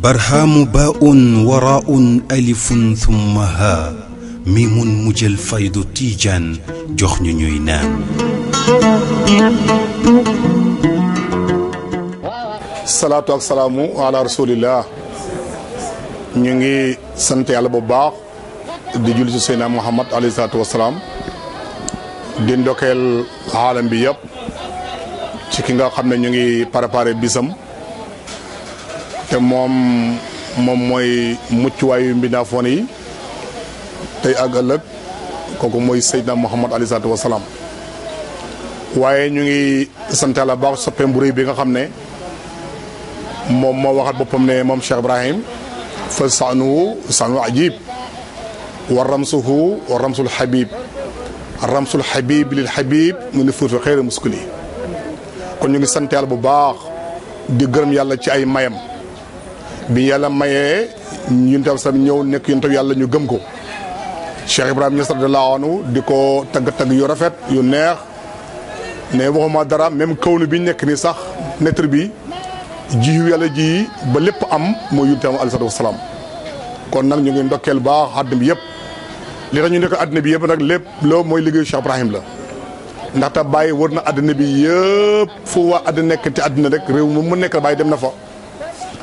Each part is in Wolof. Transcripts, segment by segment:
برهام باء وراء ألف ثم ها ميم مجل فيض تيجا جخن نينان الصلاة والسلام على رسول الله نيجي سنت على بباق di julli ci seydina muhammad alayhi salatu wassalam di ndokel alam bi yépp ci ki nga xamne ñu ngi préparer bisam te mom moom moom mooy muccuwaayu mbindaafoon yi tey ak koku moy sayyidna Seydina Muhammad aleyhi salaatu wa salaam waye ñu ngi sante la baax soppé mburi bi nga xamne mom mo waxat bopam ne mom Cheikh Ibrahim fa sanu sanu ajib wa ramsuhu wa ramsul habib ramsul habib lil habib mu ne fuutu xeyra kon ñu ngi sant yàlla bu baax di gërëm yàlla ci ay mayam bi yàlla mayee ñun tam sam ñëw nekk yun tam yàlla ñu gëm ko Cheikh Ibrahima Niass radiyallahu anhu di ko tagg-tagg yu rafet yu neex ne waxuma dara même kaw nu bi nekk nii sax nettre bi jiyu yàlla ji ba lépp am mooy yun tam alayhi salaam kon nag ñu ngi ndokkeel baax àddina bi yëpp li tax ñu nekk àddina bi yëpp nag lépp loo mooy liggéeyu Cheikh Ibrahim la ndaxta bàyyi wër na àddina bi yëpp fu waa àddina nekk ci àddina rek réew moom mu nekk Baye dem na fa.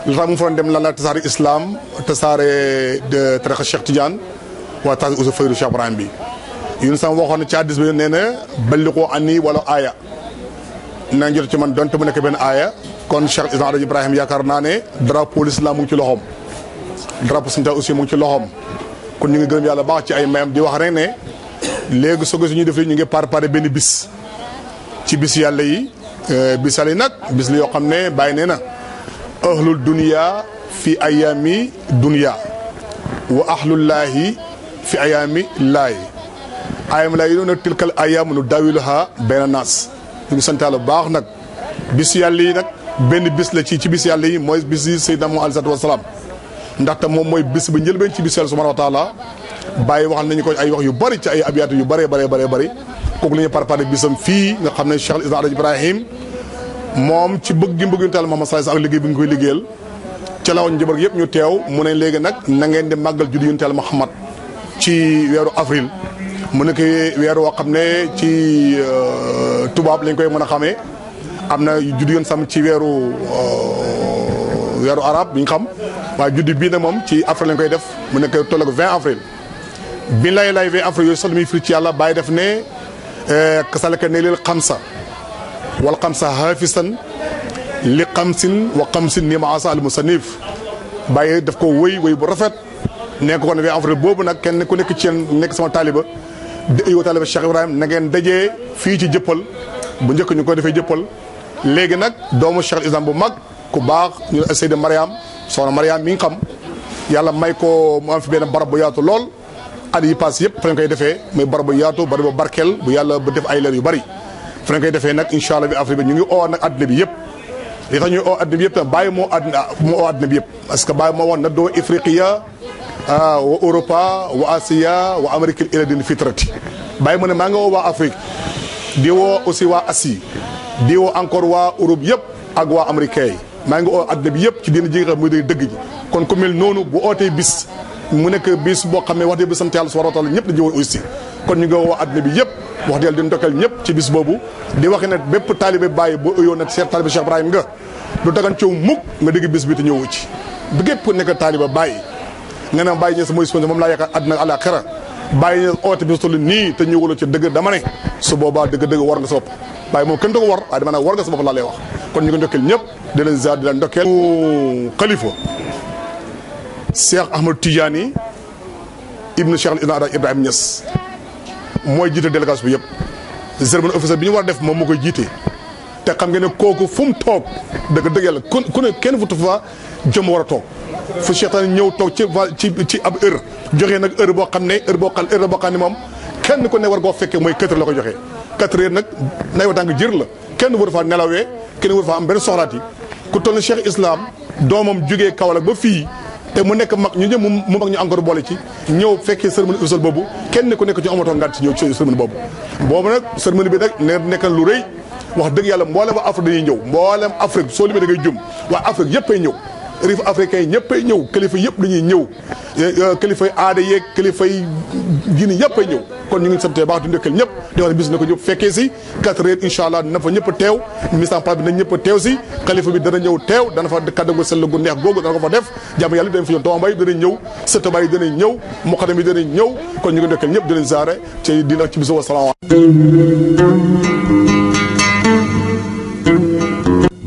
lu tax mu fa dem lan la tasaare islam tasaare de tarixa Cheikh Tidiane waa tasaare usu fayru Cheikh Ibrahim bi. yun sam na ci hadiis bi nee na wala aaya na jot ci man donte mu nekk benn aaya kon Cheikh Ibrahim Ibrahima yaakaar naa ne drapeau l'islam mu ci loxoom. drapeau Sinta aussi mu ci loxoom kon ñu ngi gërëm yàlla baax ci ay mayam di wax rek ne. léegi sogo su ñuy def li ñu ngi pare benn bis ci bis yàlla yi euh, bis yi nag bis la yoo xam ne bàyyi nee na ahlul dunya fi ayaami dunya wa ahlullaahi fi ayaami laay ayaami laay yi noonu nag tilkal ayaam nu daawiluha bayna naas ñu ngi sant yàlla bu baax nag bis yàlla yi nag benn bis la ci ci bis yàlla yi mooy bis yi Seydina Muhammad alayhi salaatu wa ndaxte moom mooy bis ba njëlbeen ci bis yàlla subhaanahu wa taala bàyyi waxal nañu ko ay wax yu bari ci ay abiyaatu yu bëree bëree bëree bëri kooku la ñuy parpare bisam fii nga xam ne Cheikh al Islam Ibrahim moom ci bëgg gi mbëgg taal Muhammad sallallahu alayhi wasallam bi nga koy liggéeyal ca lawoon njaboot yëpp ñu teew mu ne léegi nag na di màggal juddu yonent Yàlla Muhammad ci weeru avril mu nekk weer woo xam ne ci euh, tubaab lañ koy mën a xamee am na juddu yoon sam ci weeru euh, weeru arab bi ñu xam waaye juddu bii nag moom ci avril lañ koy def mu nekk tolloog vingt avril bi lay lay wee affaire yooyu sax damuy firi ci yàlla bàyyi def ne eh, kasalaka ne lil xamsa wal xamsa hafisan li xamsin wa xamsin nii ma asa al musanif bàyyi daf ko woy wëy bu rafet nee ko kon wee affaire boobu nag kenn ku nekk ci yéen nekk sama taaliba yow taaliba Cheikh Ibrahima na ngeen dajee fii ci jëppal bu njëkk ñu ko defee jëppal léegi nag doomu Cheikh Islam bu mag ku baax ñu Seyda Mariam soxna Mariam mi ngi xam yàlla may ko mu am fi benn barab bu yaatu lool at yi pass yëpp fa lañ koy defee muy barab bu yaatu barab bu barkeel bu yàlla bu def ay leer yu bari fa lañ defee nag incha allah bi Afrique bi ñu ngi oo nag adduna bi yëpp moo adduna moo yëpp parce que bàyyi moo woon na doo ifriqiya ah, wa europa wa asiya wa amérique ila din fitrati bàyyi mu ne maa ngi woo waa afrique di woo aussi waa asie di woo encore waa europe yëpp ak waa américain maa ngi oo adduna bi yëpp ci diina ji nga xam muy dëgg ji kon ku noonu bu ootee bis mu nek bis bo xamé wax di bi sant yàlla subhanahu wa taala ñëpp di woon aussi kon ñu gëw wa adna bi yépp wax dëgg di ndokal ñëpp ci bis bobu di waxé nak bép talibé baye bo uyoo nak cheikh talibé Cheikh Ibrahim nga du dagan ci mukk nga dégg bis bi te ñëwu ci bi gépp nekk talibé baye nga na baye ñees sama sponsor mom la yaaka adna ala xira baye ñees bis toll nii te ñëwuloo ci dëgg dama ne su boba dëgg dëgg war nga sopp baye mo kën war waaye dama ne war nga sopp la nyep lay wax kon ñu ngi ndokal di leen ziar di leen khalifa Cheikh Ahmed Tidiane ibnu Cheikh Ibrahim Niass mooy jiite délégation bi yëpp. German officer bi ñu war a def moom moo koy jiite te xam ngeen ne kooku fu mu toog dëgg dëgg yàlla ku ku ne kenn fu fa jëm war a toog fu Cheikh Tidiane ñëw toog ci ci ci ab heure joxe nag heure boo xam ne heure boo xam heure boo xam ne moom kenn ku ne war koo fekkee mooy quatre heures la ko joxe. quatre heures nag nay wa tàng jër la kenn waru faa nelawee kenn waru faa am benn soxlaat yi ku toll Cheikh Islam doomam jugee Kaolack ba fii. te mu nekk mag ñu ñëw mu mag ñu encore boole ci ñëw fekkee cérémonie usul boobu kenn ku nekk ci amatoo ngat ci ñëw ci cérémonie boobu boobu nag cérémonie bi nag ne nekk lu rëy wax dëgg yàlla mboolem waa Afrique dañuy ñëw mboolem Afrique soo limee da ngay jum waa Afrique yëpp ay ñëw riif africain ñëppay ñëw kilifa yëpp dañuy ñëw eh, eh, kilifa aada yeeg kilifa yi gini ñëppay ñëw kon ñu ngi santee baax di ndëkkal ñëpp di bis na ko ñëpp fekkee si quatre heures incha allah dina fa ñëpp a teew mise en place bi ñëpp a teew si xalifa bi dana ñëw teew dana fa kàddango sell gu neex googu dana ko fa def jàmm yàlla danañ fi ñëw tombay danañ ñëw sëtabaay danañ ñëw muqadam yi ñëw kon ñu ngi ndëkkal ñëpp dinañ zaare ci dina ci bisu wasalaamaaleykum